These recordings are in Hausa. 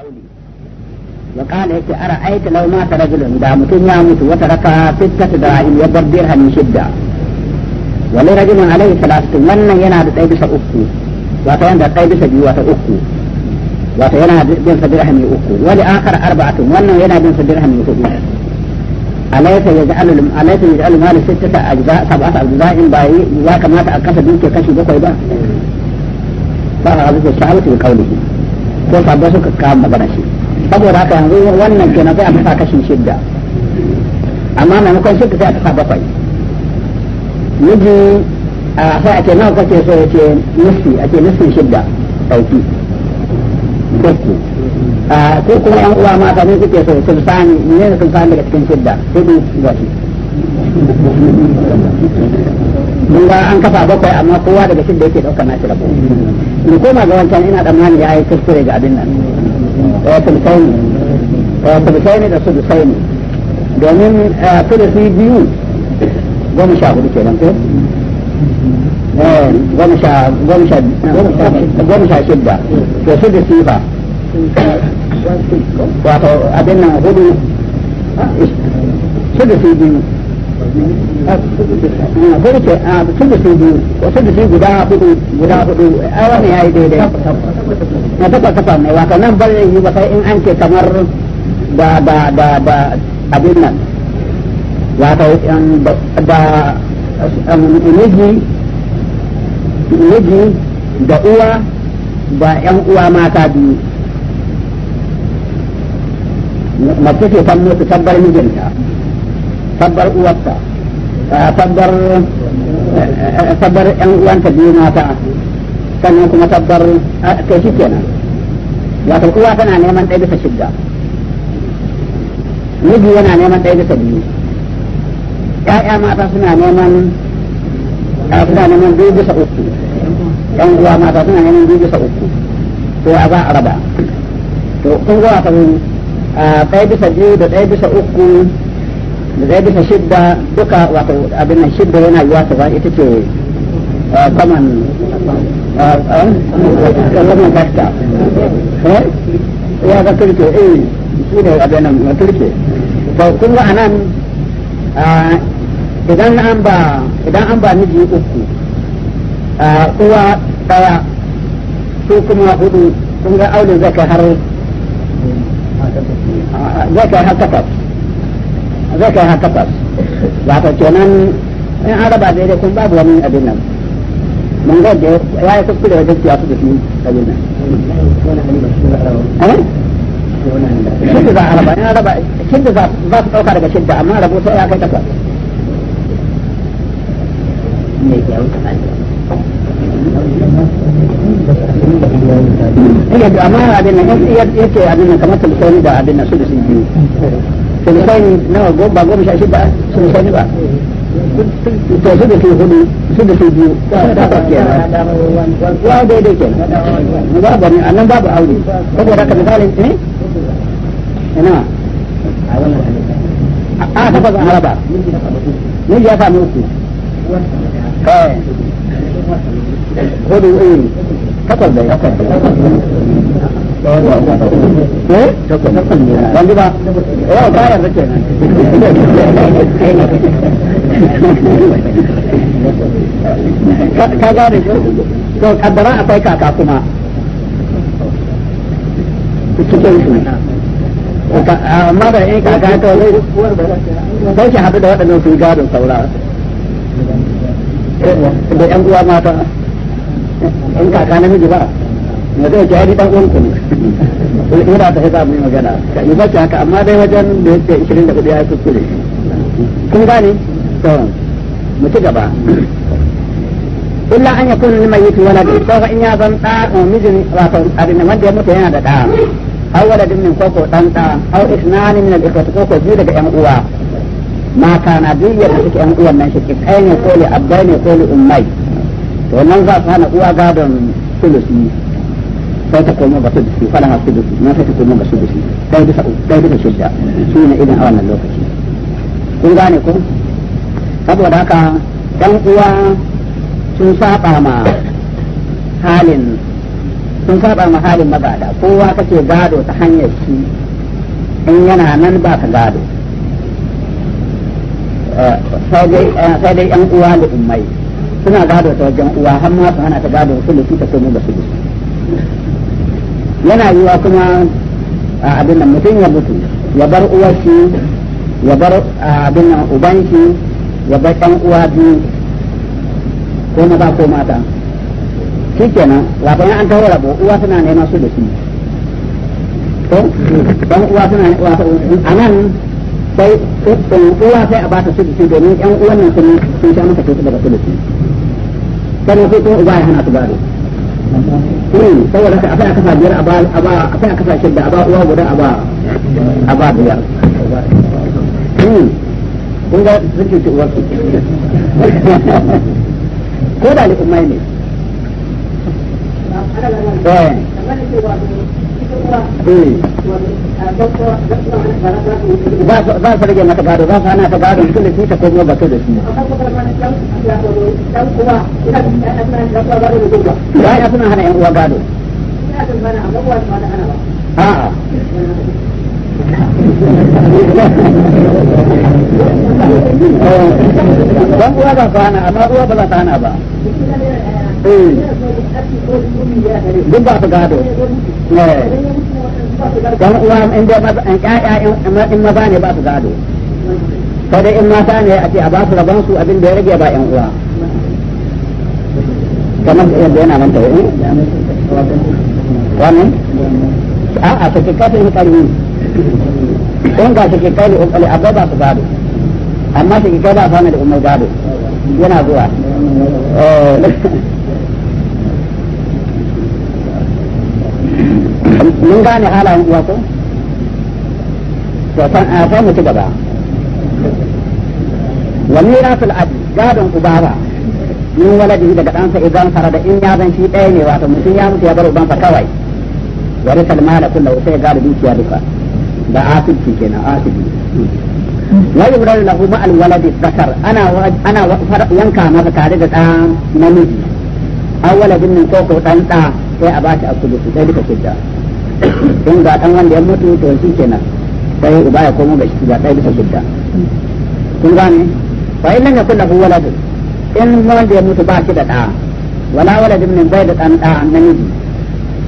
aure wa kana yake ara aita law mata rajulun da mutum ya mutu wata raka sittata da ya bar dirhami shidda wani rajulun alaihi salatu wannan yana da tsaye uku wata wanda tsaye bisa biyu wata uku wata yana bin sa dirhami uku wani akhar arba'atun wannan yana bin sa dirhami hudu alaysa yaj'alu alaysa yaj'alu mal sittata ajza ya kamata a kasa duke kashi bakwai ba fa hadithu ko sabbai suka kawo magana shi saboda haka yanzu wannan kenan sai a fasa kashin shidda amma maimakon shidda sai a fasa bakwai miji a sai a ce nawa kake so ya ce nufi a ce nufin shidda sauki bakku ko kuma yan uwa mata ne suke so sulfani ne sulfani daga cikin shidda sai dai gashi mun an kafa bakwai amma kowa daga shi da yake na nashi rabo in koma ga wancan ina da ya yi kuskure ga abin nan wa tulsaini wa tulsaini da su dusaini domin tulsi eh, biyu goma sha hudu kenan ko eh, goma sha goma sha goma sha shidda to su da sifa wato abin nan hudu ah, su da biyu burke a tun da su biyu wasu da su guda hudu guda hudu a wani ya yi daidai na taba kafa mai waka nan bar yi ba sai in an ce kamar ba ba ba ba abin nan wata da miji miji da uwa ba yan uwa mata biyu mace ce kan mutu tabbar mijinta tabbar uwarta tabbar eh, tabbar eh, eh, yan uwanta biyu mata sannan kuma tabbar kai shi kenan wato uwa tana neman ɗaya bisa shidda miji yana neman ɗaya bisa biyu ƴaƴa mata suna neman suna neman biyu bisa uku ɗan uwa mata suna neman biyu bisa uku to a za a raba to kun ga wato ɗaya bisa biyu da ɗaya bisa uku zai bisa shidda duka wato abin nan shidda yana yiwa ta ita ce kaman kaman kasta ya ga turke eh shi ne abin nan turke ba kun ga anan uh, idan an ba idan an ba miji uku uh, uwa daya su kuma hudu kun ga aure zai kai har uh, zai kai har takwas zai kai har takwas wato kenan in an raba daidai kun babu wani abin nan mun ga ya yi kuskure wajen ciya su da shi abin nan eh? shidda za a raba in amma sai ya kai eh, abin nan kamar tulsoni da abin nan su da su biyu. sulusai nawa goma ba goma sha shida sulusai ba to su da ke hudu su da ke biyu takwas kenan wa daidai kenan babu ne annan babu aure saboda haka misalin ne ina a takwas an haraba miji ya sami uku hudu takwas eh. da ya eh ban ji ba yau fara da ke ka gane ko to kaddara akwai kaka kuma cikin su amma da in kaka to zai shi haɗu da waɗannan su gadon saura da ƴan uwa mata in kaka namiji ba na zai ce ari dan uwanku ne ko da ta hisa mu magana ka yi baki haka amma dai wajen da yake 24 ya kuskure kun gane to mu ci gaba illa an ko in ya zan da mijin wato wanda ya mutu yana da da aw waladin min koko dan aw min al ikhwat koko daga yan uwa ma kana biyu da suke yan uwan nan shi kai ne ko li ne ko li ummai to nan za hana uwa gadon sulusi sai ta koma basu da shi fara hasu da su na sai ta koma basu da shi sai bisa sai bisa shidda su ne idan a wannan lokaci kun gane ko saboda haka dan uwa sun saba ma halin sun saba ma halin magada kowa kake gado ta hanyar shi in yana nan ba ka gado eh, sai eh, dai yan uwa da ummai suna gado ta wajen uwa har ma su hana ta gado su ta komo da su yana yiwa kuma abin nan mutum ya mutu ya bar uwarshi ya bar abin nan ubanshi ya bar ɗan uwa biyu ko maza ko mata shi kenan labarin an taho rabo uwa suna nema su da shi ko ɗan uwa suna wato a nan sai ɗan uwa sai a ba ta su da shi domin ɗan uwan nan sun sha masa kyautu daga su da shi sannan sai kuma uba ya hana su gado Eh, saboda haka akai aka biyar a ba akai aka sa a ba uwa guda a ba a ba biyar hmm. kun ga suke ci uwar su ko da al'ummai ne eh. za su rage maka gado su hana ta gado da shi ta ba da shi ba ya suna hana yan uwa gado a'a uwa ba su hana amma uwa ba za hana ba Eh. duk ba su gado eh. don uwa in dai in maza ne ba su gado in mata ne a ce a ba su rabon su abin da ya rage ba yan uwa kamar yadda yana manta wani wani a a take kafin in ga kai da ba su gado amma kai ba da umar gado yana zuwa eh. mun gane halayen uwa ko to san a san mutu gaba wa mirasul abi gadon ubaba min waladi daga ɗansa idan fara da in ya zan shi ɗaya ne wato mutum ya mutu ya bar ubansa kawai wa risal mala kullu sai gado dukiya duka da asibci kenan asib wa yubradu lahu ma al waladi zakar ana ana yanka masa tare da ɗan namiji awwala binnin ko ko ɗan ɗa sai a bashi a kudu sai duka kidda in ga dan wanda ya mutu to shi kenan sai uba ya komo ga shi ga ɗaya bisa gudda kun ga ne fa in lam yakul lahu waladun in wanda ya mutu ba shi da ɗa wala waladun min bai da ɗan ɗa namiji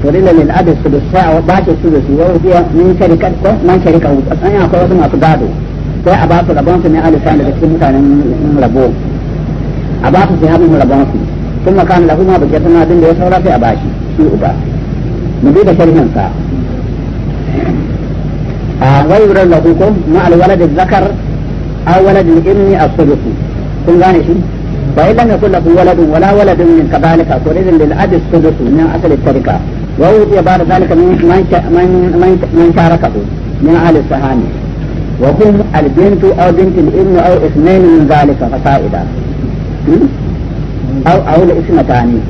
to dole lil adis su da ba shi su da su wa biya min sharika ko man sharika hu an akwai wasu masu gado sai a ba su rabon su ne alisan da cikin mutanen rabo a ba su sai habin rabon su kuma kan lahu ma bakiyatun abin da ya saura sai a ba shi shi uba mu bi da sharhin sa ويرى له مع الولد الذكر أو ولد الإبن الصدق kun gane shi ba idan ya kula waladun wala waladun min kadalika to idan lil abi sudus min asal tarika wa huwa ya ba'da zalika min man man man sharaka min ahli sahani wa hum al bintu aw bint al ibn aw ithnain min zalika fasaida aw aw al ismatani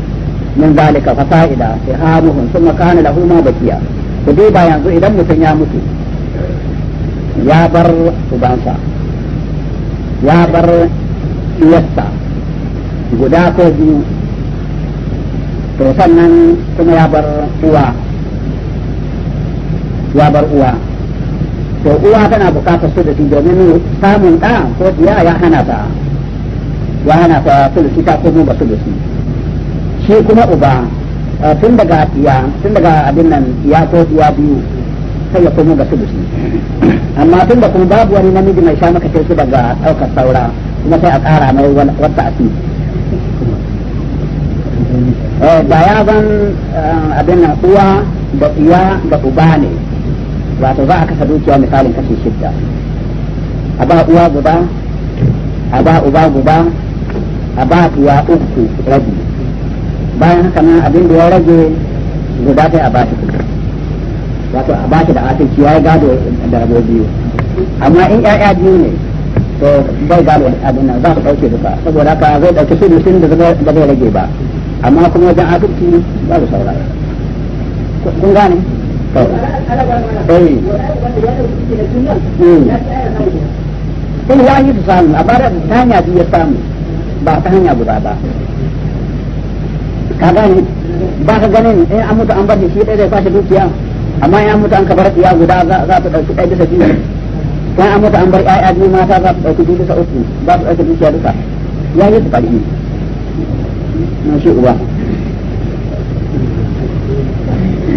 min zalika fasaida ihamuhum thumma kana lahu ma baqiya ku duba yanzu idan mutum ya mutu ya bar ubansa ya bar iyasta guda ko biyu to sannan kuma ya bar uwa ya bar uwa to uwa tana bukatar shi domin samun ɗa ko biya ya hana ta ya hana ta sulusi ta komo ba sulusi shi kuma uba Eh, tun daga ya tun daga abin nan ya ko ya biyu sai ya komo ga sulusi amma tun da kuma babu wani namiji mai sha maka sai su daga daukar saura kuma sai a kara mai wata asi eh, da ya zan eh, abin nan uwa da iya da uba ne wato za a kasa dukiya misalin kashi shidda a ba uwa guba a ba uba guba a ba uwa uku rabi bayan haka nan abin da ya rage guda sai a ba shi kuɗi wato a ba shi da asirci ya gado da rabo biyu amma in ya'ya biyu ne to bai gado abin nan za su ɗauke duka saboda ka zai ɗauki su mutum da ba zai rage ba amma kuma wajen asirci ba su saura kun gane to eh hmm. su samu a bara ta hanya biyu ya samu ba ta hanya guda ba ka gani ba ka ganin in an mutu an bar shi ɗaya zai kwashe dukiya amma in an mutu an kabar ya guda za ta ɗauki ɗaya bisa biyu in an mutu an bar ƴaƴa biyu mata za ta ɗauki biyu bisa uku za ta ɗauki dukiya duka ya yi su ne na shi uba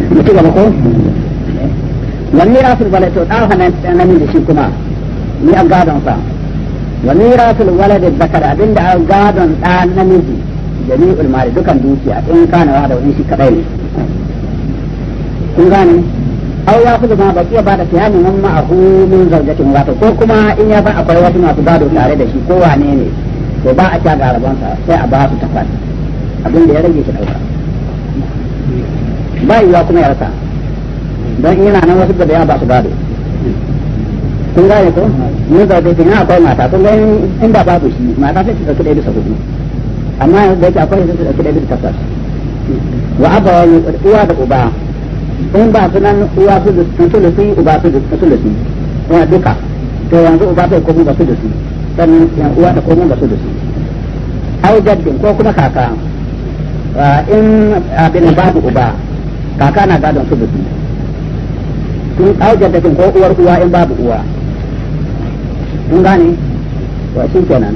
mutu gaba ko wani rasul bala to na min da shi kuma ni a gadon sa wani rasul wala da zakara abinda a gadon ɗan namiji jami ulmari dukan dukiya in kana wa da wani shi kadai ne kun gane aw ya kudu ma baqiya ba da fiyamin man ma'ahu min zawjatin wato ko kuma in ya ba akwai wasu masu gado tare da shi ko wane ne to ba a kya sa sai a ba su takwas abin da ya rage shi dauka ba yiwa kuma ya rasa don ina nan wasu da ya ba su gado kun gane ko mun zaune tun akwai mata kun ga in ba babu shi mata sai su ɗauki ɗaya bisa hudu amma da yake akwai su dauki da bin takwas wa abawa uwa da uba in ba su nan uwa su da sulusi uba su da sulusi wa duka to yanzu uba bai komo ba su da su sannan yan uwa da komo ba su da su au jaddin ko kuma kaka in abin babu uba kaka na gadon su da su tun au jaddin ko uwar uwa in babu uwa tun gane wa shi kenan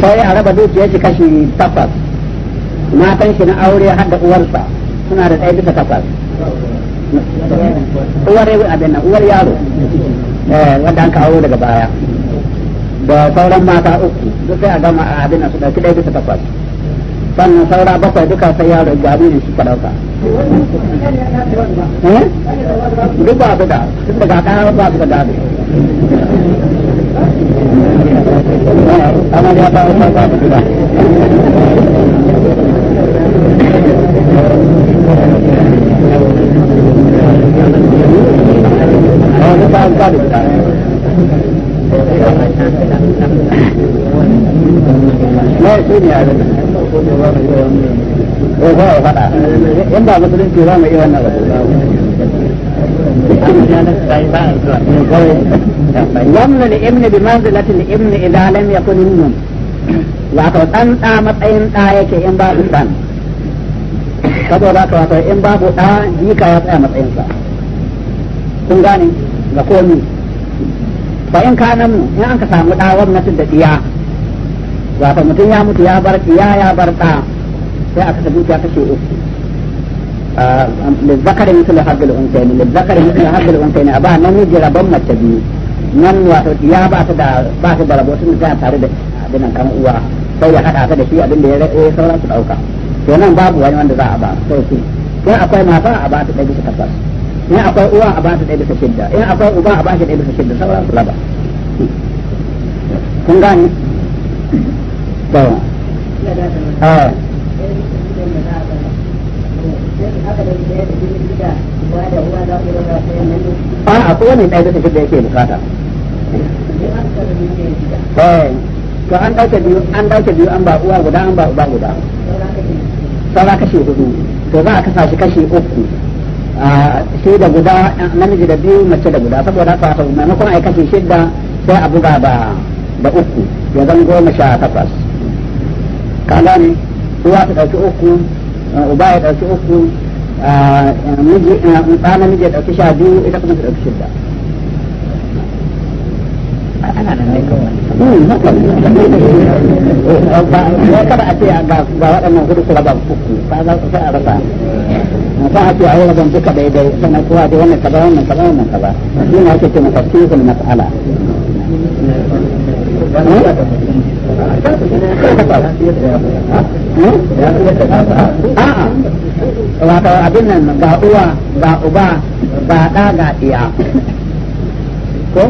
sai a raba dukiyar shi kashi takwas matan shi na aure har da uwarsa suna da ɗaya bisa takwas uwar abin uwar yaro eh, wadda an aure daga baya da sauran mata uku duk sai a gama abin su ɗauki ɗaya bisa takwas sannan saura bakwai duka sai yaro jaririn shi ka eh? duk ba su da tun daga ba su da dabi sama dia tahu apa tidak Oh, dia tahu apa tidak Nah, itu dia ada. Oh, apa? Entah betul-betul orang yang mana. wannan ibn bi manzilatin ibn idza lam yakun minhu wato dan da matsayin da yake in babu dan saboda ka wato in babu da jika ya tsaya matsayin sa kun gane ga komi fa in kana mu in an ka samu da wannan da diya wato mutum ya mutu ya bar diya ya bar da sai aka tabbata kace uku للذكر مثل حظ الانثيين للذكر مثل حظ ابا أبا نمجي بن متبي nan wato ya ba ta da ba ta da rabo tun da كان da abin uwa sai ya hada ta da shi abin da to nan babu wani wanda za a ba sai shi in akwai mata a ba ta ɗaya bisa takwas in akwai uwa a ba ta ɗaya bisa shidda in akwai uba a ba ta ɗaya bisa shidda sauran su kun to a a kowane ɗaya bisa shida yake bukata eh, to an ɗauke biyu an ɗauke biyu an ba uwa guda an ba uba guda saura kashe hudu to za a kasa shi kashi uku shi da guda namiji da biyu mace da guda saboda haka sau maimakon a yi kashi shida sai a buga ba da uku ya zan goma sha takwas ka gane uwa ta ɗauki uku uba ya ɗauki uku ɗa miji ya ɗauki sha biyu ita kuma ta shidda da kada a ce ga waɗannan hudu su raba uku ba a rasa ba a ce a yi duka daidai wannan kaza wannan kaza wannan kaza shi ne ake ce mas'ala wato abin nan ga uwa ga uba ga ɗa ga ɗiya ko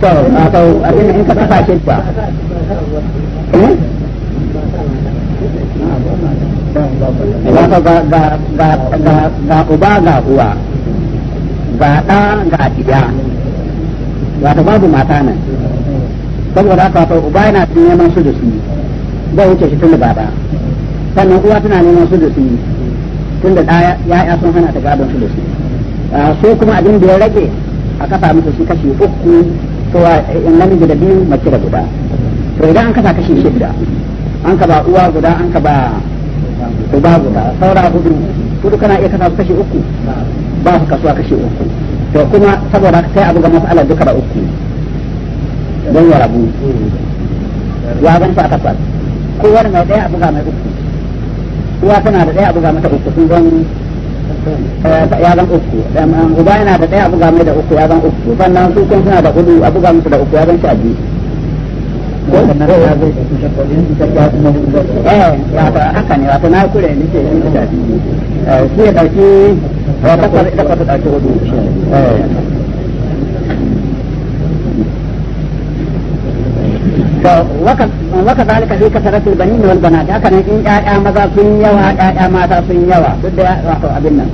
to wato abin in ka kafa shi ba wato ga ga ga ga uba ga uwa ga ɗa ga ɗiya wato babu mata nan saboda haka wato uba yana neman su da su ba wuce shi tun da baba sannan uwa tana neman yi tun da ya'ya sun hana ta gadon sulusi ah, so kuma abin da ya rage a kafa musu su kashi uku to in ah, eh, namiji da biyu mace da guda to idan an kafa kashi shida an ka ba uwa guda an ka ba uba guda saura hudu hudu kana iya kafa kashi uku ba su kasuwa kashi uku to kuma saboda sai abu ga mas'alar duka da uku don ya rabu ya ban su a takwas wani mai ɗaya a buga mai uku uwa tana da ɗaya a buga mata uku sun zan eh, ya zan uku uba yana da ɗaya a buga mai da uku ya zan uku sannan su kun suna da hudu a buga musu da uku ya zan sha biyu eh, haka ne na kure yin sha biyu shi ya ɗauki ɗauki hudu eh. waka zalika fi kasaratul banin wal banat haka nan in ƴaƴa maza sun yawa ƴaƴa mata sun yawa duk da wato abin nan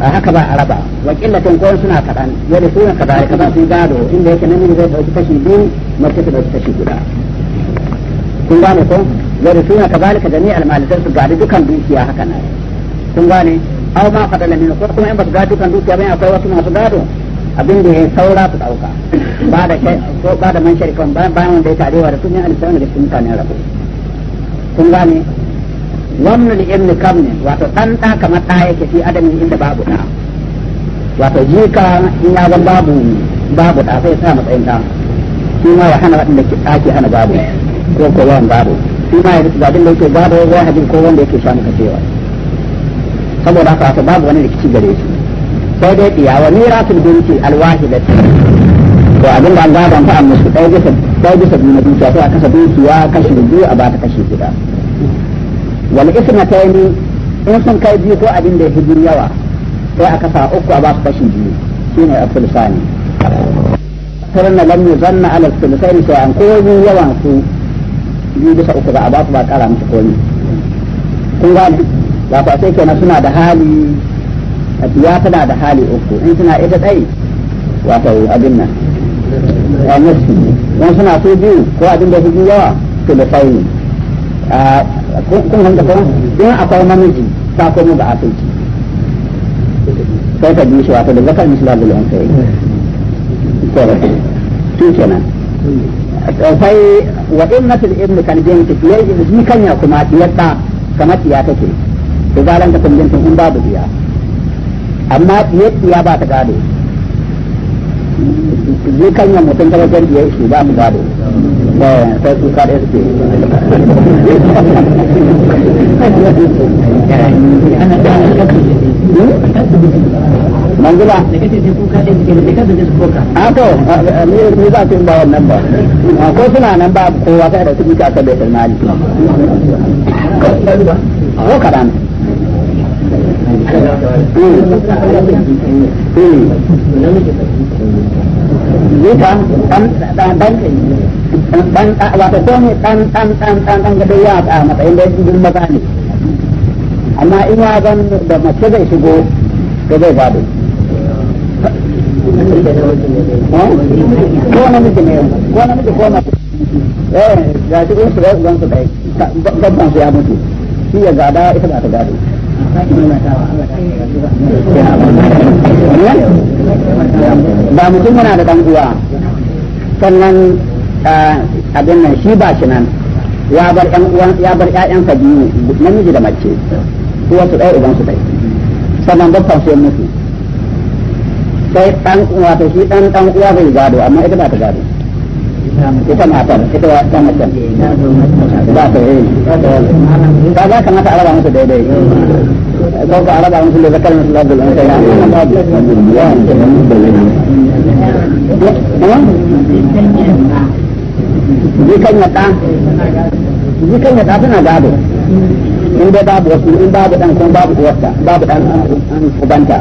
haka ba a raba wa killatin ko suna kadan yadda su ne kadalika za sun gado inda yake namiji zai dauki kashi biyu mace ta dauki kashi guda kun gane ko yadda su ne kadalika jami'al malikai su gadi dukan dukiya haka nan kun gane aw ma fadala min ko kuma in ba su gadi dukan dukiya bayan akwai wasu masu gado abin da ya saura ku dauka ba da ko ba da man sharikan ba bayan wanda ya tarewa da sunan alfa'in da cikin ne rabu kun gane wannan ibn kamne wato dan da kamar ta yake fi adamin inda babu da wato jika in ya ga babu babu da sai ta matsayin da shi ma ya hana wadanda ke tsaki hana babu ko ko wan babu shi ma ya ga abin da yake babu ko wanda yake sha muka cewa saboda haka babu wani rikici gare shi sai dai diya wa sun binci alwahidati to abin da an gaban ta musu ɗaya bisa ɗaya bisa biyu na dukiya sai a kasa dukiya kashi biyu a bata kashi guda wal ismatayni in sun kai biyu ko abin da ya hijir yawa sai a kasa uku a ba su kashi biyu shine afsulsani sirrin na lamu zanna ala sulusai sai an komi yawan su biyu bisa uku za a ba su ba kara musu komi kun gani ba sai kenan suna da hali ya tana da hali uku in suna ita tsaye wato abin nan a nasu don suna so biyu ko abin da su biyu yawa to da sauri kun hanta kuma in akwai namiji ta komo ga asirci sai ka bi shi wato da zakar misla da kai. sai korafi su kenan sai wa in natil ibn kalbin ta fiye yi kanya kuma tiyar ta kamar tiya take to balanta kun in babu biya amma ɗiyar ba ta gado zai kanya mutum ta wajen ɗiyar shi ba mu gado sai su kaɗai suke manzila a ah, to ah, ah, ni za su ba wannan ba ko suna nan ba kowa sai da su bi ka sabbata mali ko kaɗan dan wato ko ne dan dan dan dan dan ga ya a matsayin da yake maza ne amma in ya zan da mace zai shigo to zai gado ko na miji ne ko na miji ko na eh ga shi in su ga su ɗaya babban su ya mutu shi ya gada ita ba ta gado ba mutum muna da uwa sannan abin nan shi ba shi nan ya bar ya bar ƴaƴansa biyu namiji da mace su wasu ɗaya uban su ɗaya sannan babban sai mutu sai ɗan wato shi ɗan ɗan uwa bai gado amma ita ba ta gado ita matar ita wa ta mace ba ta yi ba za ka mata araba musu daidai ko ka araba musu da zakar musu labdul an sai na babu jikan yata jikan yata tana gado in dai babu wasu in babu dan kuma babu babu dan uh, uh, ubanta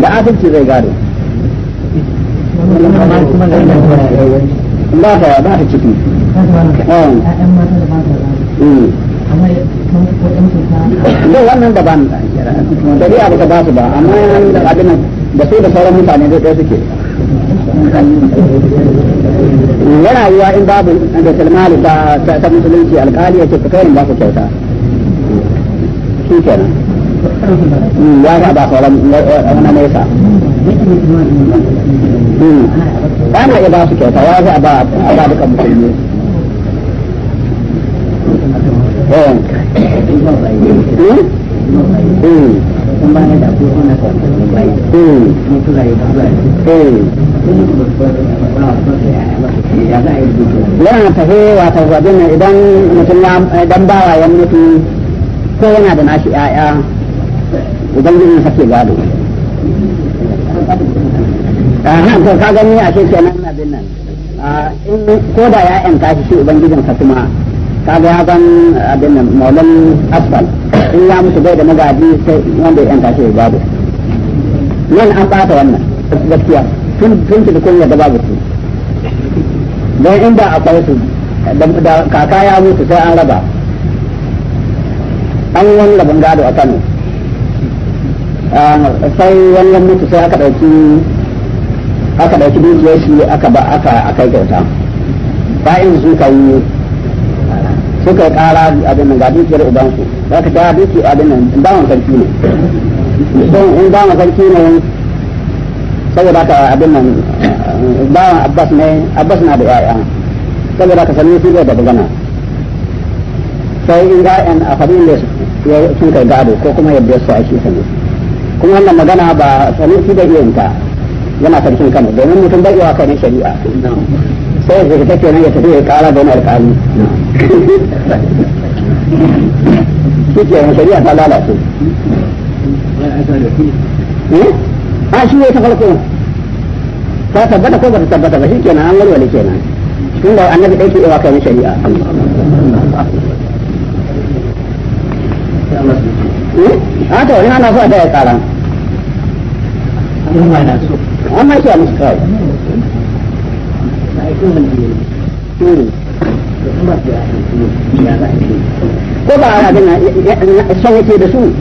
da asirci zai gado ba ta ba ta ciki da wannan daban da dai abu ka ba su ba amma da abin da su da sauran mutane da ɗaya suke yana yiwa in babu da salmali ta musulunci alkali ya ce ku kai ba ku kyauta shi kenan ya saba sauran wani nesa ana iya ba su kyauta ya a ba duka musulmi dan bawa ko yana da nashi ‘ya'ya idan ubangijin sake gado to ka gani a ce kenan na bin nan in ko da ya ‘yan kashi shi ubangijin ka kuma ka ga ya ban abin nan maulan asfal in ya mutu bai da magadi sai wanda ya ‘yan kashi ya gado nan an bata wannan gaskiya tun tun da kun yadda babu su don inda akwai su da kaka ya mutu sai an raba an wani rabin gado a kano ah, sai wannan mutu sai aka ɗauki aka ɗauki dukiyar shi aka ba aka aka kyauta bayan su ka yi suka yi ƙara abin nan ga dukiyar ubansu za ka ta duki abin nan bawan sarki ne don in bawan sarki ne saboda ka abin nan bawan abbas ne abbas na da ya'ya saboda ka sami su da bugana sai in ga'yan a fadin da su ya sun kai gado ko kuma yadda ya so a shi sani kuma wannan magana ba sani shi da iya ta yana karshen kano domin mutum bai yawa kai shari'a sai da ta kenan ya tafi ya kara da wani alƙali shi ke shari'a ta lalace eh? a shi ne ta farko ta tabbata ko ba ta tabbata ba shi kenan an walwale kenan tun da annabi ɗaya ke yawa kai shari'a a to in ana so a taya tsara amma hmm. ko ba a yake da su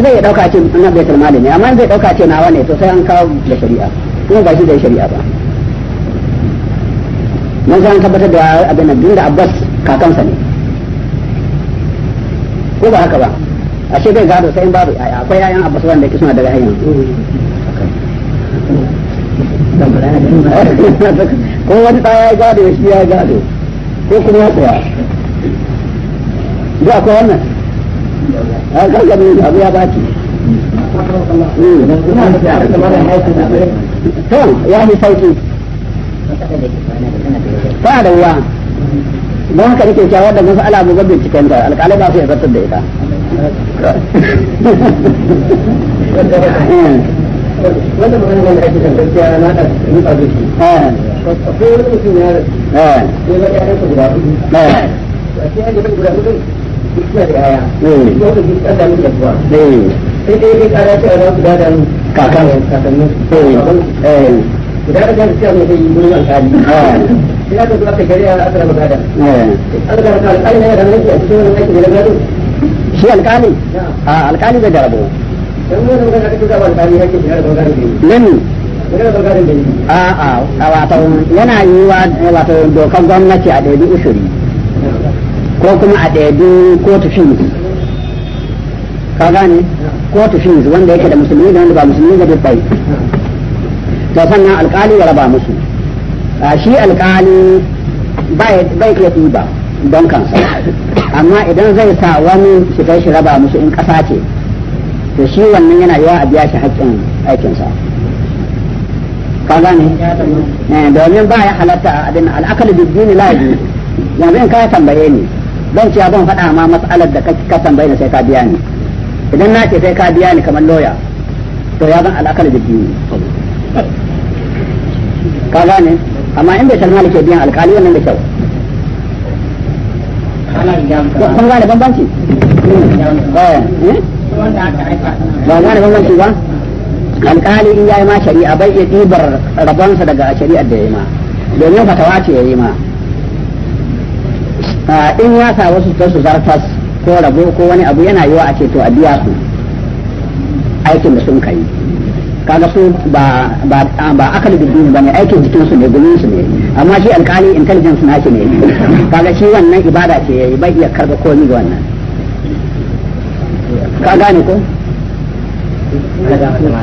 zai ya dauka ce na baitul mali ne amma zai dauka ce to sai an kawo da shari'a kuma ba shi da shari'a ba mun san tabbatar da abin da Abbas kakansa ne ko ba haka ba a ce bai gado sai in babu yaya akwai yayan abbas wanda yake suna daga hanyar ko wani ɗaya ya gado ya shi ya gado ko kuma ya tsaya ba ko wannan a kanka ne abu ya baki hmm. to ya fi sauki ta da ruwa don haka nake shawar da masu ala mu babin cikin da alkalai ba su yi zartar da ita wanda magana ne ake kan gaskiya da rufa zuci akwai da ƴaƴa duk wanda duk an damu da kuwa sai dai dai ƙara cewa za su gada kakan kakannin su aiki shi alƙali. a alƙali zai jarabo a wato yana yi wa eh, wato dokar gwamnati a ɗaiɗi ushuri ko kuma a ɗaiɗi kotu fees ka gane kotu fees wanda yake da musulmi da wanda ba musulmi da bai to sannan alkali ya raba musu shi alƙali bai iya ba. don kansa amma idan zai sa wani shi kai shi raba musu in ƙasa ce to shi wannan yana yawa a biya shi haƙƙin aikinsa ka gane eh, domin ba ya halatta abin al'akali bibbini la yi yanzu in ka tambaye ni don cewa ban faɗa ma matsalar da ka tambaye ni sai ka biya ni idan na ce sai ka biya ni kamar loya to ya zan al'akali bibbini ka gane amma in bai shalmali ke biyan alƙali wannan da kyau kun gane bambanci ba ba alkali in yayi ma shari'a bai iya ɗibar rabonsa daga shari'ar da ya yi ma domin fatawa ce ya yi ma in ya sa wasu ta su zartas ko rabo ko wani abu yana yiwa a ce to a biya su aikin da sun kai kaga su ba ba ba akal bidin bane aikin jikin su ne gumin su ne amma shi alkali intelligence na shi ne kaga shi wannan ibada ce yayi bai iya karba komai ga wannan ka gane ko ta eh. yanzu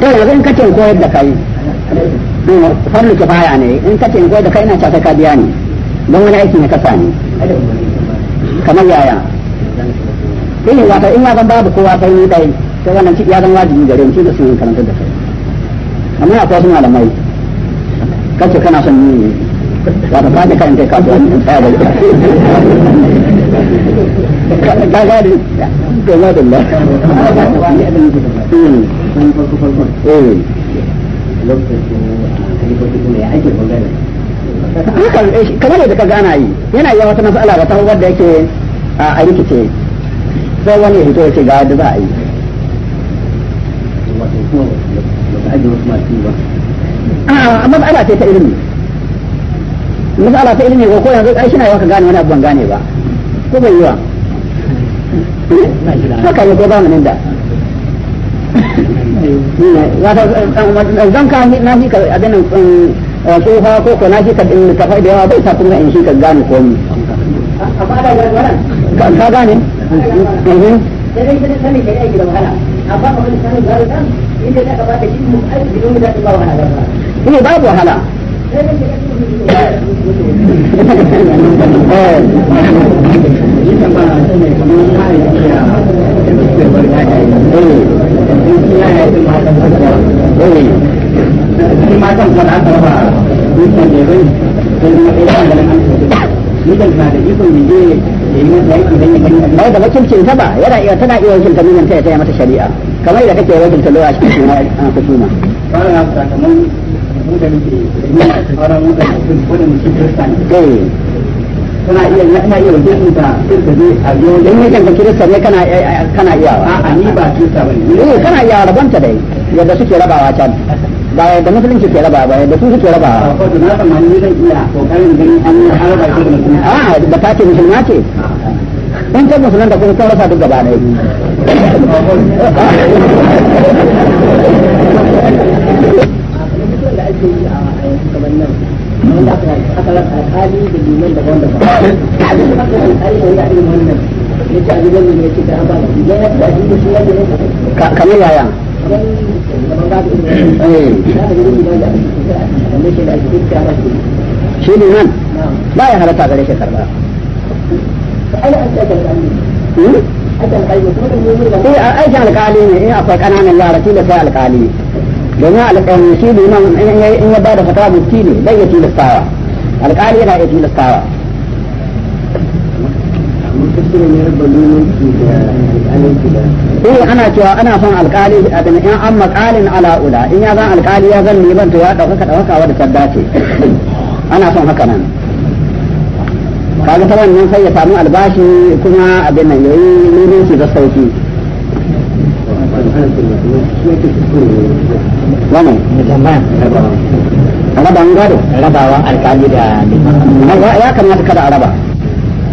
eh. eh, in kace koyar da kai farin kifaya ne in kace koyar da kai na ta ka ne don wani aiki na kasa ne kamar yaya ne wata in ya zan babu kowa sai ni dai sai wannan ya zan wajibi gare ni shi da sun karanta da kai amma akwai wasu malamai kace kana son ni wato ka ta karanta ka to ni ba ka ga ni to ma da ba eh lokacin da ya ake magana Eh, kamar da ka gana yi yana yi wata mas'ala da ta wadda yake a rikice sai wani hito ya ce ga yadda za a yi a mas'ala ce ta ilimi mas'ala ta ilimi ko yanzu ai shi na yi waka gane wani abuwan gane ba ko bai yi wa haka ne ko ba da wata eh, eh, zan ka na fi ka abinan um, sun fa ko ko na ka littafai da yawa bai sa na in shi ka gane komi ka gane ne babu wahala Eh. eh. eh. dukkan da bai sai kuma da ganin an ni da ne je ya yi masa ya gani da ta ba yana iya tana iya ta ya taya mata shari'a kamar da kake lowa kusuma na kamar mu da muke mu da mutum mutum kana iya iya wajen ta a yau kirista ne kana ni ba kirista eh, kana iya dai yadda suke rabawa can ba da musulunci ke raba ba da su suke raba a ah, da ta ce musulma ce in ta musulman da kuma rasa kamar yaya shi ne nan ba ya halatta gare shi karba eh aikin alkali ne in akwai kananan larabci da sai alkali domin alƙalin shi ne nan in ya ba da fatawa mufti ne ya tilastawa alkali yana ya tilastawa eh ana cewa ana son alkali abin in an makalin ala'ula in ya zan alkali ya zan neman to ya ɗaukaka ɗaukaka wadda ta dace ana son haka nan kaga ta wannan sai ya samu albashi kuma abin nan yayi neman shi da sauki wannan rabawan gado rabawa alkali da ya kamata kada a raba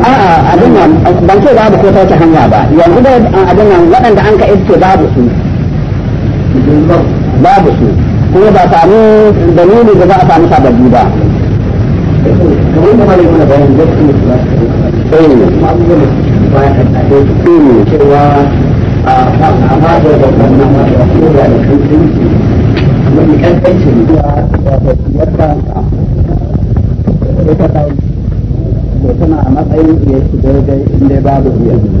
a'a abin nan ban ce babu ko ta hanya ba yanzu da abin nan waɗanda an ka iske babu su babu su kuma ba samu dalili da za a samu sababbi ba Thank you. to tana a matsayin iya shi daidai inda babu iya shi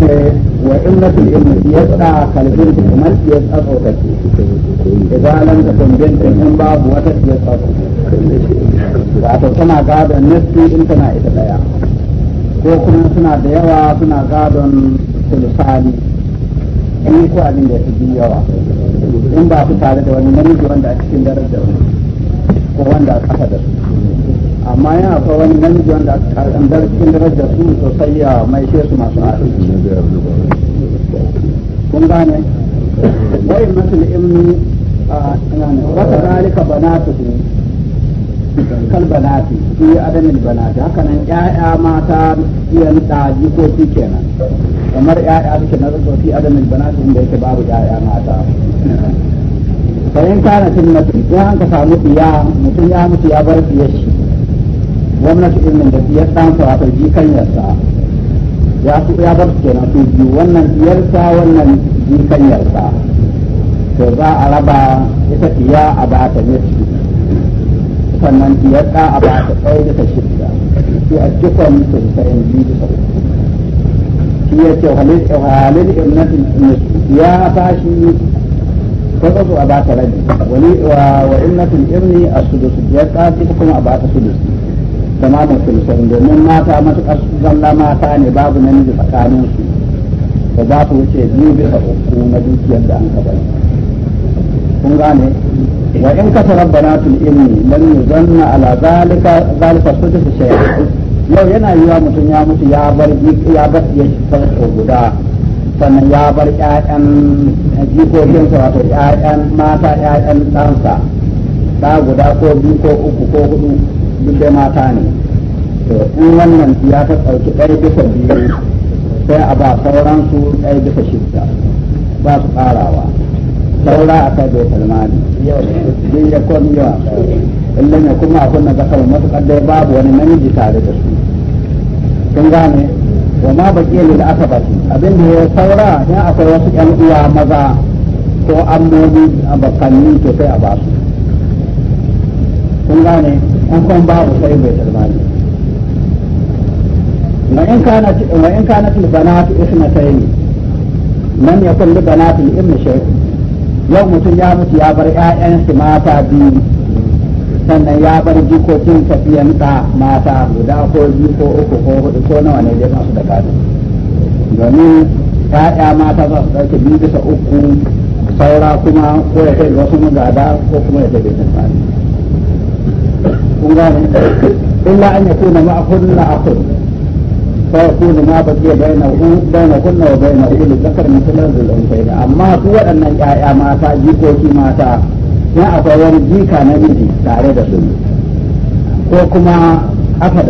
ne wa imnatul ilmi yasa kalbin ta kamar iya tsatso da idan da takun bintin in babu wata iya tsatso wato tana gadon nasi in tana ita daya ko kuma suna da yawa suna gadon sulusani in ko abin da ya fi yawa in ba su tare da wani namiji wanda a cikin darajar ko wanda a kasa da su amma yana akwai wani namiji wanda aka karkandar cikin darajar su sosai a mai shi su masu adalci kun gane wai masu ilmi wata zalika banatuhu kal banati yi adamin banati haka nan ƴaƴa mata iyan ko su kenan kamar ƴaƴa suke na zuwa fi adamin banati inda yake babu ƴaƴa mata bayan kana cin mutum ya an ka samu iya mutum ya mutu ya bar fiye shi gwamnati ɗin da ya ɗan sa a jikanyarsa ya su ya bar kenan su biyu wannan diyarsa wannan ji jikanyarsa to za a raba ita diya a ba ta ne miki sannan diyar ka a ba ta tsaye da ta shirya su a cikon su ta yin biyu bisa uku shi ya ce halil ibnatin nisu ya tashi kwatsa a ba ta rabi wani wa ibnatin ibni a sudusu diyar ɗa ita kuma a ba ta sudusu tamamin sulusun domin mata matuƙar zalla mata ne babu namiji tsakanin su da za su wuce biyu bisa uku na dukiyar da an ka bari kun gane wa in kasa rabbanatul ilmi lan yuzanna ala zalika zalika sudusu shi yau yana yiwa mutum ya mutu ya bar ya bar ya sarko guda sannan ya bar ƴaƴan sa wato ƴaƴan mata ƴaƴan ɗansa ɗa guda ko biyu ko uku ko hudu duk dai mata ne to in wannan ya ta ɗauki ɗaya bisa biyu sai a ba sauran su ɗaya bisa shidda ba su ƙarawa saura a kai bai salmani din ya komi yawa illan ya kuma a kunna zakar matuƙar dai babu wani namiji tare da su kun gane wa ma da aka asabati abin da ya saura in akwai wasu ƴan uwa maza ko ammomi a bakanni to sai a ba su kun gane an san babu sai bai tarmani وإن كانت وإن كانت البنات اثنتين لم يكن لبنات الإم شيء yau mutum ya mutu ya bar ‘ya'yansu mata biyu sannan ya bar jikokin tafiyan ta mata guda ko biyu ko uku ko hudu ko nawa ne dai masu da gado domin ‘ya'ya mata za su ɗauke biyu bisa uku saura kuma ko ya kai wasu gada ko kuma ya tafi da إلا أن يكون an yakuna ma'ahunna فيكون ما بقي بينه بينكن وبينه للذكر مثل الأنثيين أما هو أن يا ما تجيكوكي ما تا يا أقوى جيكا نمجي تعرض سنة ko kuma haka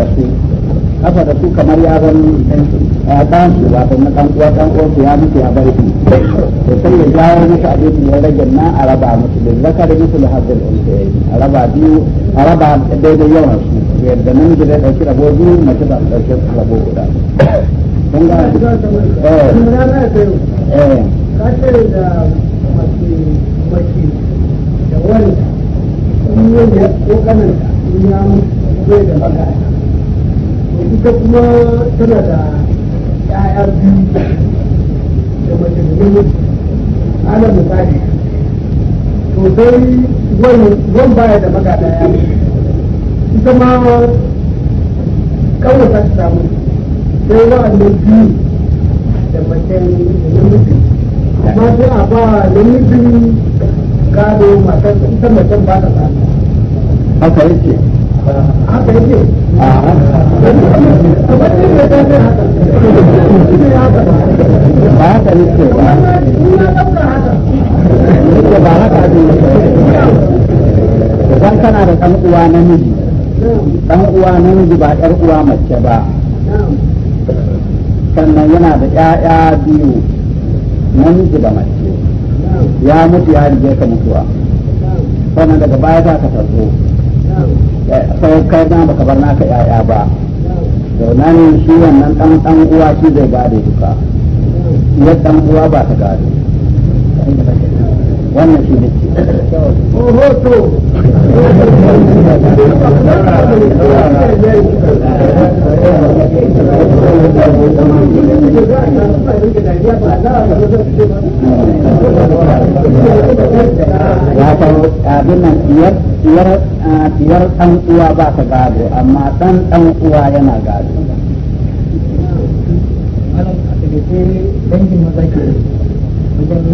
haka da su kamar ya zan eh, ɗan su ba ta matan uwa ɗan uwa su ya mutu ya bar su to sai ya jawo musu abin ya rage na a raba musu da zakar musu da hazzar a biyu a raba daidai yawan su yadda namiji zai ɗauki rabo biyu mace za ɗauki rabo guda. Kun ga? Eh. Eh. Ka ce da mace mace da eh. ko ya mutu ita kuma tana da ya'ya biyu da mace da namiji ana misali to sai wani baya da maka daya ita ma kawai ta samu sai wa'annan biyu da mace da namiji amma sai a ba namijin gado matar ita macen ba ta samu haka yake haka yake a ba haka ne ba ba haka ne da ɗan uwa namiji ɗan uwa namiji ba ƴar uwa mace ba sannan yana da 'ya'ya biyu namiji da mace ya mutu ya rige ka mutuwa sannan daga baya za ka tarzo sau kai na baka bar naka yaya ba to nan shi wannan dan dan uwa shi zai gade duka yadda dan uwa ba ta gade wannan shi ne hoto abin nan uwa ba ta gado amma dan ɗan uwa yana gado dangin maza ke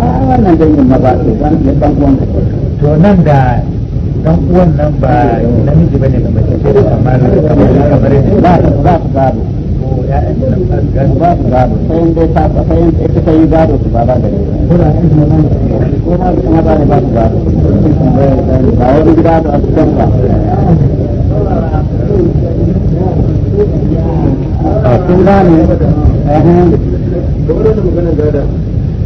a wannan dangin ma ba su dan uwan to nan da dan uwan nan ba namiji bane ga mace ce kamar kamar kamar ba ba gado ba su gado sai dai ta ba sai dai ta kai gado su ba ba gare ko su kuma ba ne ba su gado ba wani gado a cikin ba a ah, kun gane eh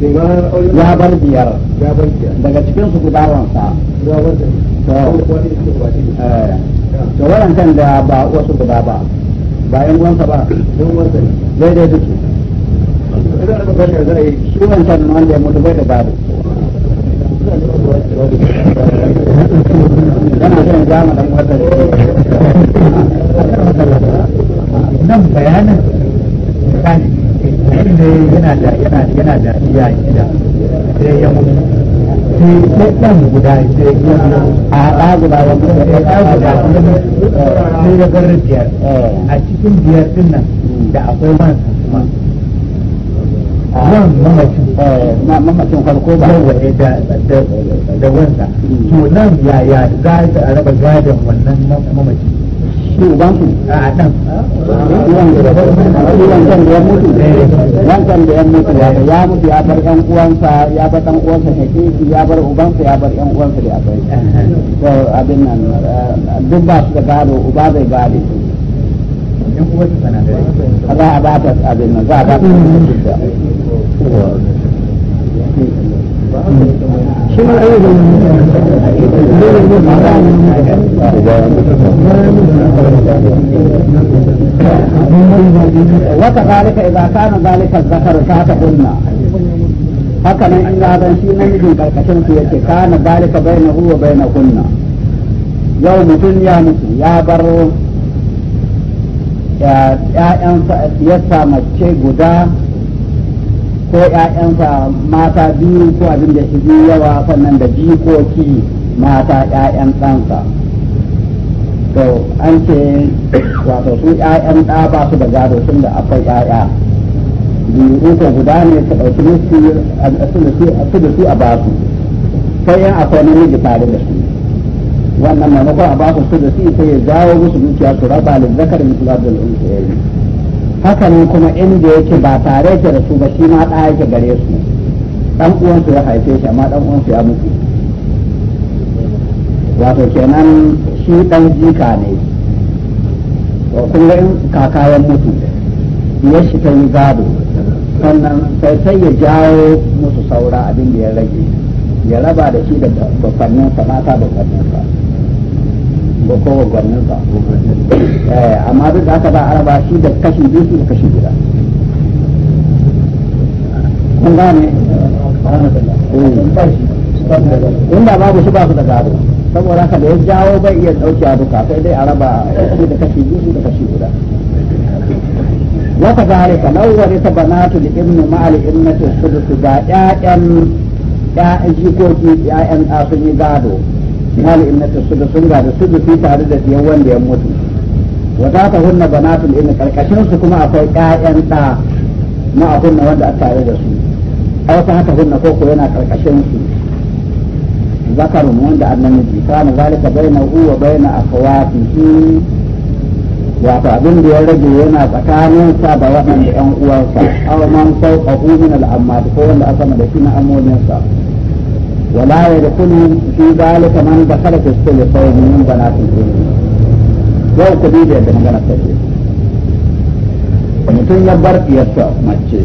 ya bar biyar daga cikin su gudawansa to eh. da ba wasu guda ba bayan yan ba daidai duke shi wancan wanda mutu bai da yana son jama dan wata nan bayanin mutum ne yana da yana yana da sai ya mutu sai ɗan guda sai ya a ɗa guda ɗa guda sai ya biyar a cikin biyar din nan da akwai man kuma wan mamacin eh, mamacin farko ba yawa eh, da da wanda to nan yaya za a raba gadon wannan mamacin shi uban kan da ya mutu wancan da ya mutu ya mutu ya bar uwansa ya bar uwansa hakiki ya bar ubansa ya bar uwansa da akwai to abin nan eh, duk ba su da gado uba bai a ba ta abin nan za a ba ta وكذلك إذا كان ذلك الذكر تحت قلنا هكذا إن هذا الشيء شيء نمجن كالكشن في كان ذلك بينه وبينهن يوم الدنيا مثل يا بر يا يا يا يا ko ‘ya'yansa mata biyu ko abin da shi biyu yawa sannan da jikoki mata ‘ya'yan ɗansa to an ce wato su ‘ya'yan ɗa ba su da gado sun da akwai ‘ya'ya biyu ko guda ne su ɗauki su da su a basu sai yan akwai namiji tare da su wannan maimakon a basu su da su sai ya jawo musu dukiya su raba da zakar da al'umma hakanan kuma inda yake ba tare yake da su ba shi ma ɗaya yake gare su ɗan uwansu ya haife shi amma ɗan uwansu ya mutu wato kenan shi ɗan jika ne kun ga kaka ya mutu ya shi ta yi gado sannan sai sai ya jawo musu saura abin da ya rage ya raba da shi da bakwanninsa mata bakwanninsa ko kowa gwanin ba eh, amma duk da aka ba araba shi da kashi biyu su da kashi guda kun gane in eh. inda babu shi ba su da gado saboda haka da ya jawo bai iya dauke a duka sai dai araba shi da kashi biyu su da kashi guda وكذلك لو ورث بنات الابن da الابنة السدس دا يا ان يا ان جيكوكي يا ان yi gado. mali ta su da sun gada su dufi tare da biyan wanda ya mutu wa za ta hunna banatul in karkashin su kuma akwai ƴaƴan ta ma a kunna wanda a tare da su aw ta ta hunna ko yana karkashin su zakarun wanda annabi bi kana zalika hu wa baina akhawatihi wato abin da ya rage yana tsakaninsa da waɗanda ƴan uwansa aw man hu min al-ammat ko wanda aka da shi na sa. ولا يدخل في ذلك من دخل في السلة صوم من بنات الدنيا yau ku bi da yadda magana ta ce mutum ya bar diyarsa mace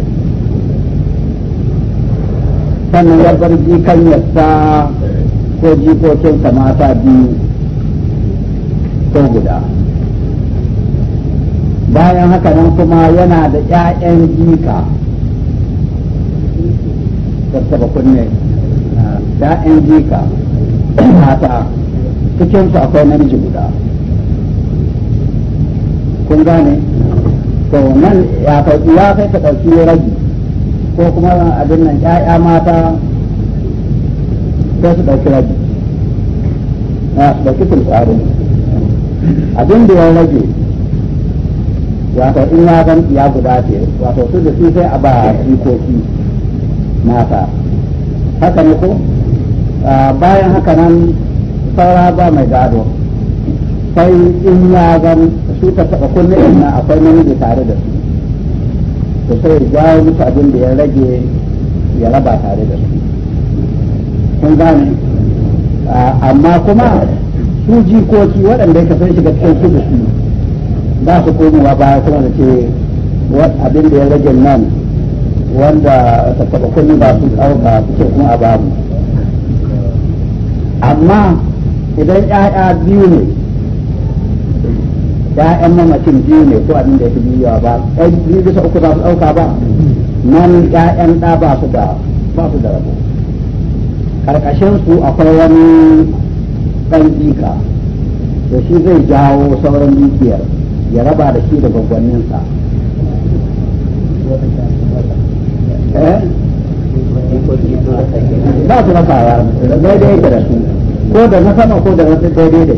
sannan ya bar jikanyarsa ko jikokinsa mata biyu ko guda bayan haka nan kuma yana da 'ya'yan jika ta kunne ya'yan jika mata cikin su akwai namiji guda kun gane to nan ya kai ka ɗauki ragi ko kuma abin nan ya'ya mata sai su ɗauki ragi na su ɗauki tsarin abin da ya rage wato in ya zan ya guda ce wato su da su sai a ba jikoki mata haka ne ko Ah, bayan haka nan saura ba mai gado sai in ya gan su ta taɓa kunne in na akwai namiji tare da su to sai ya jawo musu abin da ya rage ya raba tare da su kun gane ah, amma kuma su jikoki waɗanda ya kasance shiga cikin su da su ba su komowa baya kuma da ce abin da ya rage nan wanda ta taɓa kunne ba su ɗauka su ce kuma a babu amma idan ‘ya'ya biyu ne ‘ya'yan mamacin biyu ne ko abin da ya fi biyuwa ba ɗan biyu bisa uku za su ɗauka ba nan ‘ya'yan ɗa ba su da ba su da rabo akwai wani ɗan jika da shi zai jawo sauran dukiyar ya raba da shi da gwaggwanninsa ba eh? su da su ko da na ko da na daidai da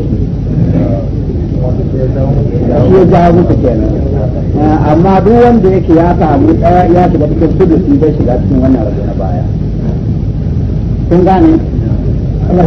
eh, amma duk wanda yake ya samu ya shiga cikin sudusi bai shiga cikin wannan rabu na baya kun gane Allah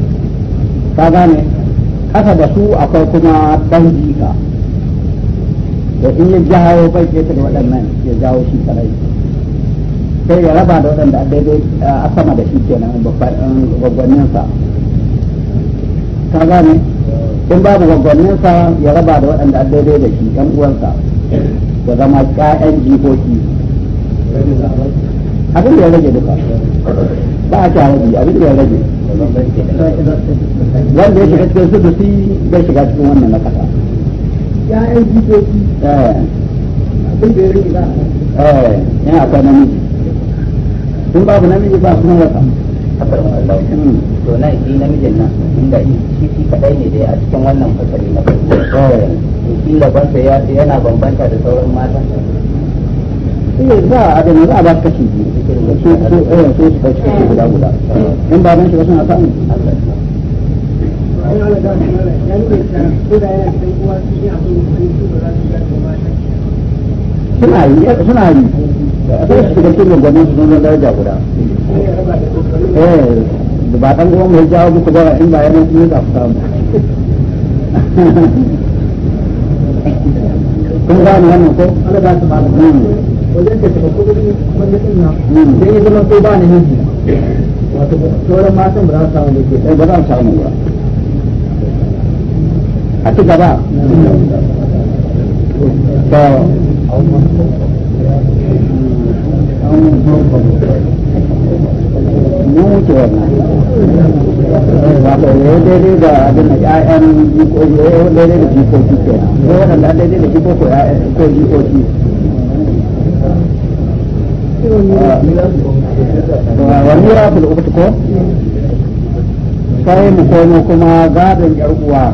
ka gane ƙasa da su akwai kuma ɗan jika da in ya jawo bai keta da waɗannan ya jawo shi kadai sai ya raba da waɗanda a daidai a sama da shi kenan um, gwaggwaninsa ka gane in babu gwaggwaninsa ya raba da waɗanda a daidai da shi ɗan uwansa ya zama ƙa'yan jikoki abin da ya rage duka ba a ci a abin da ya rage wanda ya shiga cikin sudusi bai shiga cikin wannan na kasa ya'yan jikoki abin da ya rike eh yana akwai namiji in babu namiji ba kuma wata to shi namijin nan inda shi shi kadai ne dai a cikin wannan fasali na farko shi labansa ya yana bambanta da sauran mata za a da za a ba kashi biyu su su su kashi guda guda in baban shi ba suna suna yi suna yi cikin su daraja guda eh da ba mai jawo muku ba in ba samu kun wannan ko ba su ba sai zama ko ba miji wato sauran matan ba za su samu ke ba za su samu ba a ci gaba mun wuce wannan wato eh, daidai da abin da eh, daidai da ke eh, daidai da ko sai mu komo kuma gadon yar uwa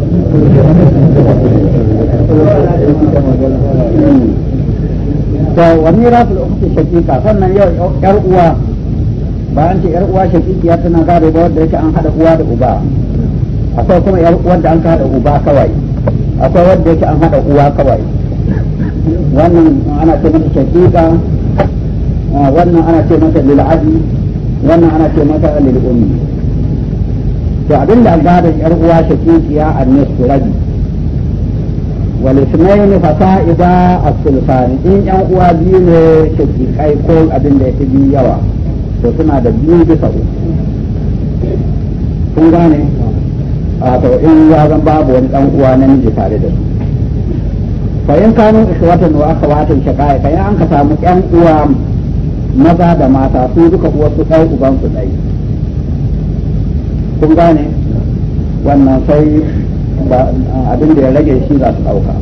to wa mirasul ukhti shaqiqa sannan yau yar uwa bayan ce yar uwa shaqiqiya tana gado ba wanda yake an hada uwa da uba akwai kuma yar uwa da an hada uba kawai akwai wanda yake an hada uwa kawai wannan ana ce mata shaqiqa wannan ana ce mata lil wannan ana ce mata to abinda gadon yar uwa shakikiya an nisfu rabi wal ithnain fasa'ida as-sulfani in yan uwa biyu ne shakikai ko abinda yake biyu yawa to suna da biyu bisa uku kun gane a to in ya zan babu wani dan uwa miji tare da su fa in kanu ikhwatan wa akhawatan shaqaiqa ya an ka samu yan uwa maza da mata su duka su ɗaya uban su dai. kun gane wannan sai abin da ya rage shi za su ɗauka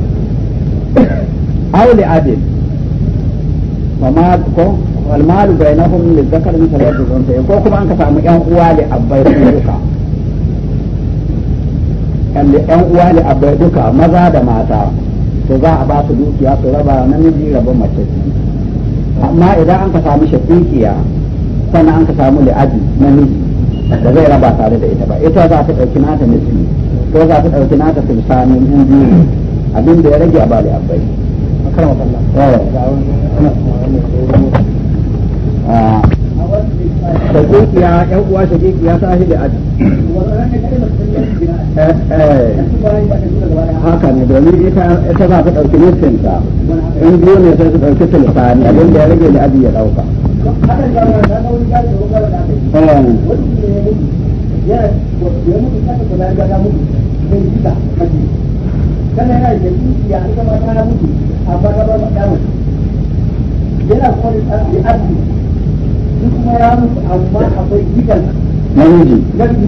aule adil ma ko almalu bai na hun da zakar min salatu zan sai ko kuma an ka samu yan uwa da abbai duka yan uwa da abbai duka maza da mata to za a ba su dukiya su raba namiji rabon mace amma idan an ka samu shafiqiya sannan an ka samu li'adi namiji da zai raba tare da ita ba ita za ta ɗauki nata nisbi ko za ta ɗauki nata sulsanin in biyu abin da ya rage a bali abai ah. shakikiya yan uwa shakikiya ta eh, eh. haka ne domin ita za ta ɗauki nufinta. in biyu ne sai ta ɗauki abin da ya rage da ya ɗauka kana yana da dukiya ita ma ta a baka ba yana kuma da arziki duk kuma ya mutu amma akwai gidan namiji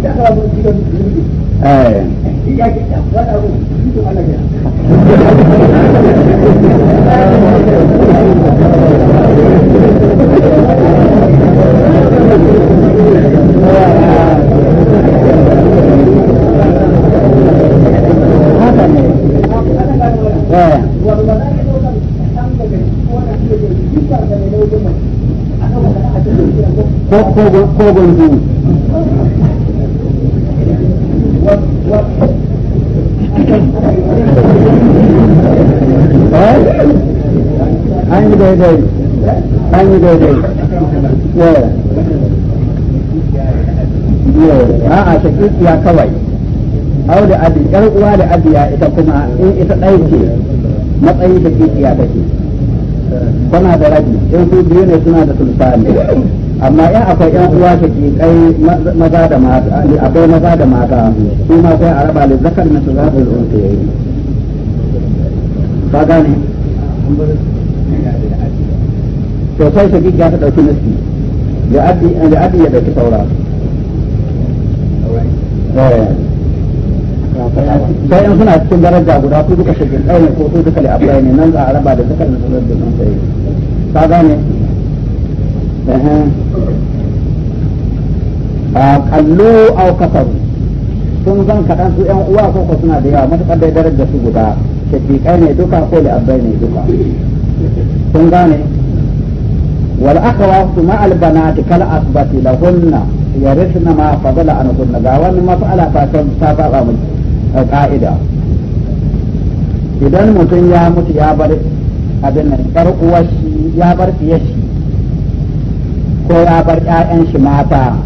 ko ko ko daidai an yi daidai a a shakikiya kawai au da yar uwa da abiya ita kuma in ita ɗaya ce matsayin shakikiya take tana da rabi in su biyu ne suna da sulfani amma in akwai yan uwa shakikai maza da mata akwai maza da mata su ma sai a raba lizzakar na su zaɓi al'unsa yayi ka gane to sai shaqiq ya ta dauki nasi ya addi ya addi ya dauki saura sai eh. in suna cikin daraja guda su duka shaqiq ɗaya ne ko su duka abuwa ne nan za a raba da zakar da da sun sai ta gane a kallo a kasar sun zan kaɗan su ‘yan uwa ko suna da yawa matuƙar dai darajar su guda shafiƙai ne duka ko da abbai ne duka sun gane والأخوات مع البنات كالأصبة لهن يرثن ما فضل عنهن قاوان ما فعل فاتن سابقا قائدا idan mutum ya mutu ya bar abin nan bar uwarshi ya bar shi ko ya bar ƴaƴan shi mata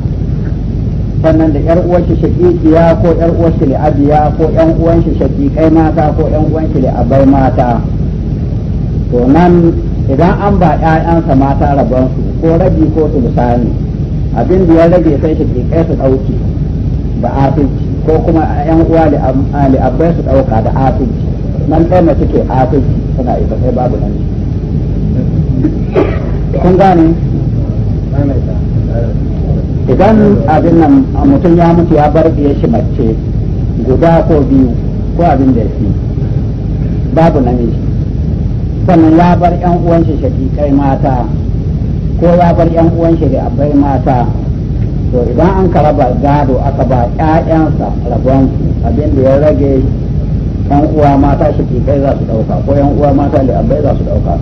sannan da ƴar uwarshi ya ko ƴar uwarshi li'abiya ko yan uwan shi shaqiqai mata ko yan uwan shi li'abai mata to nan idan an ba ƴaƴansa mata rabonsu ko rabi ko su misali abin da ya rage sai shi ke kai su ɗauki da afinci ko kuma ƴan uwa li abbai su ɗauka da afinci nan ɗaya mace ke asirci suna isa sai babu nan kun gane idan abin nan mutum ya mutu ya bar ya shi mace guda ko biyu ko abin da ya fi babu namiji sannan ya bar yan uwan shi shafiƙai mata ko ya bar yan uwan shi da abai mata to idan an karaba gado aka ba ƴaƴansa rabon abin da ya rage yan uwa mata shafiƙai za su ɗauka ko yan uwa mata da abai za su ɗauka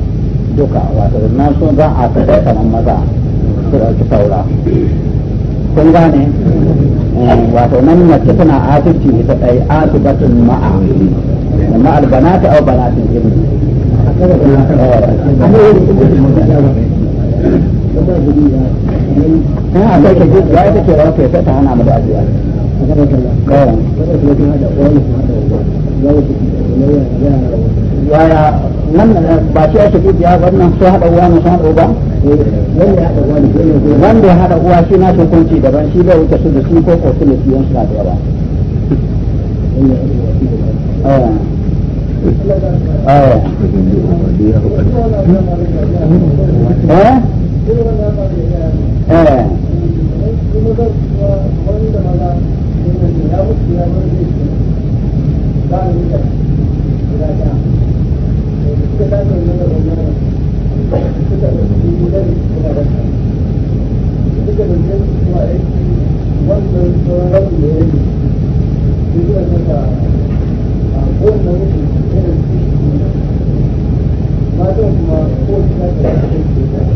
duka wato nan sun za a tafi kamar maza su ɗauki saura kun gane eh, wato nan mace tana asibiti ita ɗai asibatin ma'a ma'al banata au banatin ibni in ya take rawa kai sai ta da addu'a ba shi ake jiya wannan su haɗa uwa na san haɗa uba wanda ya haɗa uwa shi na hukunci daban shi bai wuce su da su ko ko su ne su yan suna da yawa aya eh eh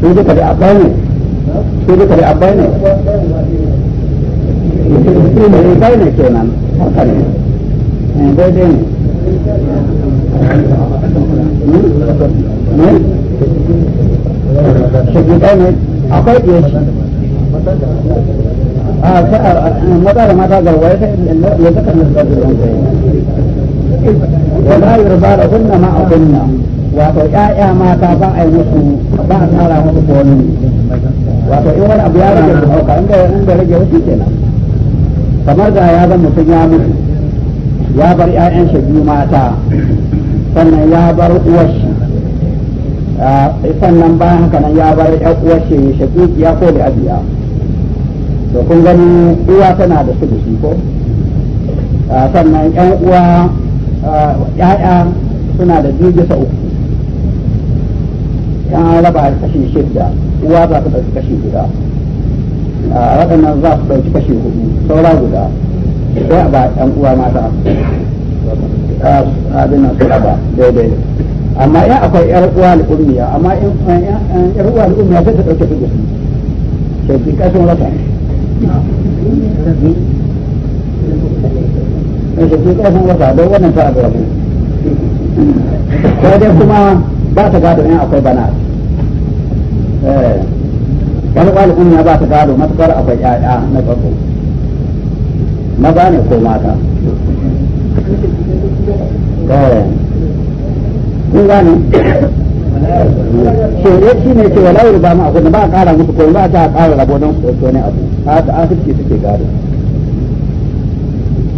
su duka da abba ne su duka da abba ne ne kenan haka ne daidai ne ne akwai iya shi a mata da mata zaka da wala yarda a ma'ahunna wato ƴaƴa mata ba a yi musu ba a tsara musu komi wato in wani abu ya rage su hauka inda inda rage wasu kenan kamar da ya zan mutum ya mutu ya bar ƴaƴan shi biyu mata sannan ya bar uwar shi sannan bayan haka nan ya bar uwashi uwar shi shaƙiƙiya ko da abiya to kun gani uwa tana da su ko sannan ƴan uwa ya'ya suna da biyu uku ya raba kashi shidda uwa za ta ɗauki kashi guda waɗannan za su ɗauki kashi hudu saura guda ba ɗan uwa mata abin nan daidai amma akwai yar uwa al'ummiya amma yar uwa al'ummiya sai ta kashin in shi ƙarfin wasa don wannan ta abu rabu sai dai kuma ba ta gado in akwai bana eh, wani ƙwalifin ya ba ta gado matuƙar akwai ƴaƴa na farko maza ne ko mata eh, kun gane ne shi ne cewa walau ba ma akwai ba a ƙara musu ko ba ta ƙara rabo don su ne abu a asibiti suke gado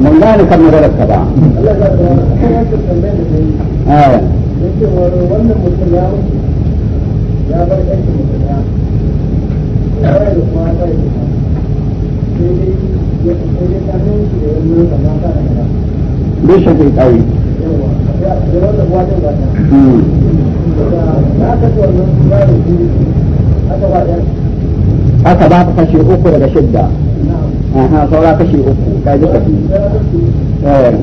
من ذلك كم غير السبعة. آية. بشكل قوي. aka ba ka kashe uku daga shidda aha saura kashe uku ka ji kafi eh.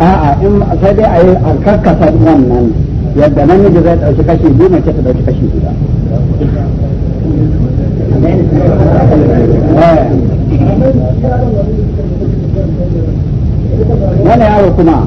a'a in sai dai a yi a karkasa wannan yadda namiji zai ɗauki kashe biyu mace ta ɗauki kashe guda eh. wani yaro kuma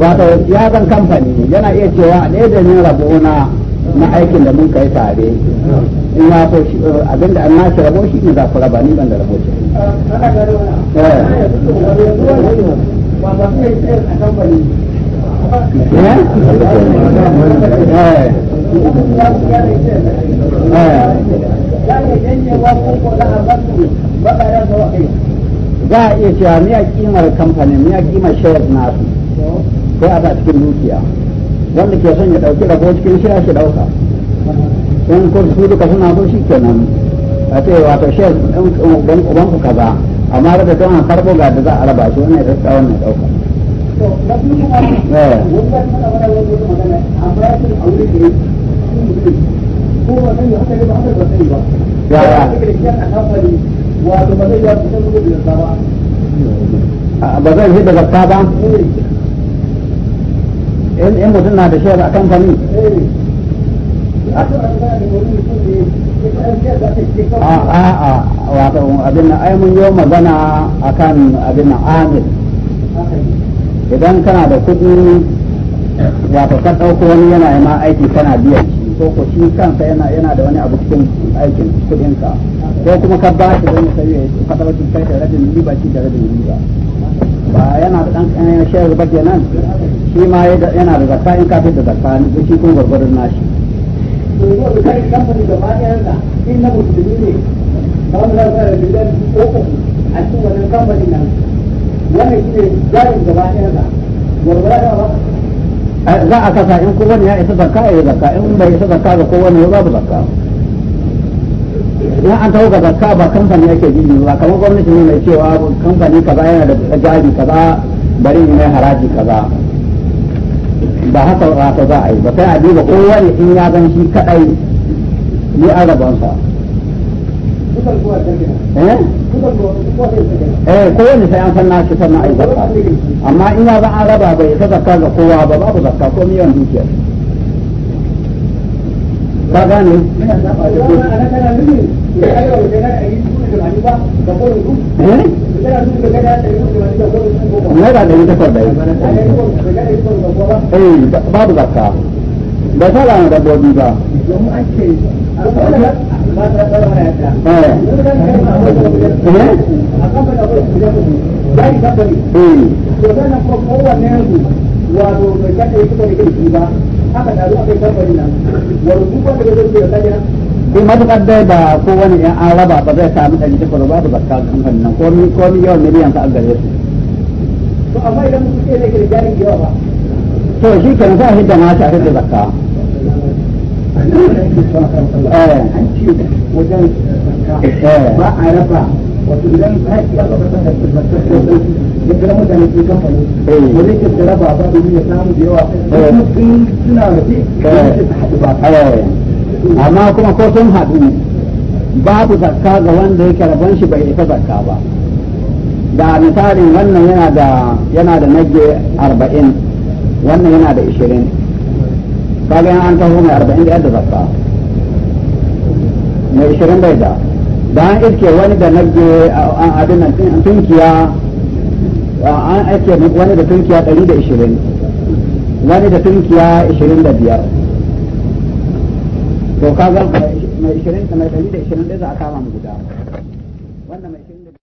wato ya zan kamfani yana iya cewa ɗaya da ne rabona na aikin da mun kai tare in ya so abinda an nashi rabo shi ne za ku raba ni ban da rabo shi eh. za a iya cewa miya kimar kamfanin miya kimar shares nasu ko a cikin dukiya wanda ke son ya ɗauki rabo cikin shaya shi ɗauka in ko su duka suna so shi kenan a ce wato shares ɗan ku kaza amma da kan farko ga da za a raba shi wannan ya tsaka wannan dauka ba zai yi da zakka ba eh. in mutum na da shi a kamfani eh. a'a ah, ah, ah. wato abin nan ai mun yi magana akan abin nan amir idan kana da kuɗi wato ka ɗauko wani yana ma aiki kana biyan ko ko shi kansa yana yana da wani abu cikin aikin kuɗinka ko kuma ka ba shi wani sai ya ka ɗauki kai da rabin riba shi da rabin riba ba yana da ɗan ƙanyen shayar ba kenan shi ma yana da zakka in ka fi da zakka shi kun gwargwaron nashi yanzu wani kai kamfani gaba ɗayan da in na musulmi ne ba mu za ka da miliyan uku a cikin wannan kamfani nan wannan shi ne jarin gaba ɗayan da gwargwara da ba za a kasa in kowane ya isa zakka ya yi zakka in bai isa zakka ga kowane ya babu zakka in an taho ga zakka ba kamfani yake gini ba kamar gwamnati ne mai cewa kamfani kaza yana da jari kaza bari ne mai haraji kaza ba haka wato za a yi ba kai a duba wani in ya gan shi kadai ni gaban sa eh, eh wani sai an san na shi sannan a yi zakka amma in ya ba an raba bai ta zakka ga kowa ba babu zakka ko miyan dukiyar ka gane Eh? naira ɗari takwas da yi eh, babu zakka ba wato da kai ba haka shi matukar dai ba ko wani yan araba ba zai sami ɗari takwas babu zakka kamfanin nan ko ni yawan miliyan sa ka su. to amma idan mutum ke ne ke da yawa ba. to shi ke sa shi da da ba a wato idan ka yi a da eh. ko kira mutane su kamfani ke da raba ba domin ya samu da yawa eh. kuma sun suna ke eh. ba ba. amma kuma ko sun haɗu babu zakka ga wanda yake rabon shi bai isa zakka ba da misalin wannan yana da yana da nage arba'in wannan yana da ishirin kaga yana an taho mai arba'in da yadda zakka mai ishirin bai da da an iske wani da nage an abin tunkiya an iske wani da tunkiya ɗari da ishirin wani da tunkiya ishirin da biyar to kaga mai 20 mai 100 da 20 da za a kama mu guda